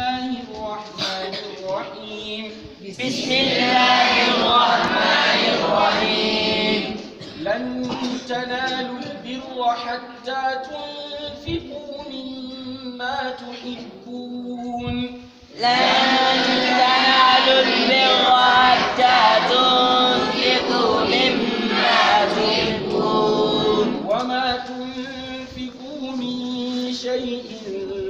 الله الرحمن الرحيم بسم الله الرحمن الرحيم لن تنالوا البر حتى تنفقوا مما تحبون لن تنالوا البر حتى تنفقوا مما تحبون وما تنفقوا من شيء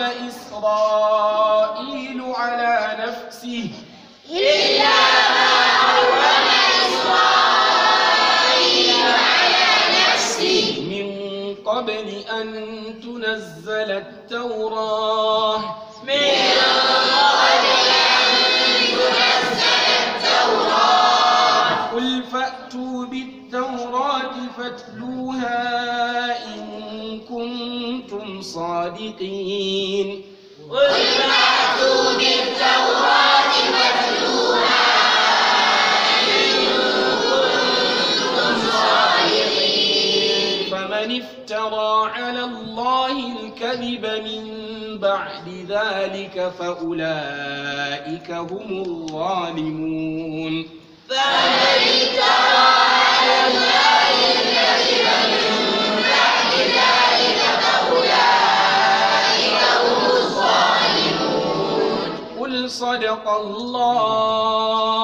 حرم إسرائيل على نفسه إلا ما حرم إسرائيل على نفسه من قبل أن تنزل التوراة من قبل أن تنزل التوراة قل فأتوا بالتوراة فاتلوها صادقين قل فأتوا بالتوراة فمن افترى على الله الكذب من بعد ذلك فأولئك هم الظالمون صدق الله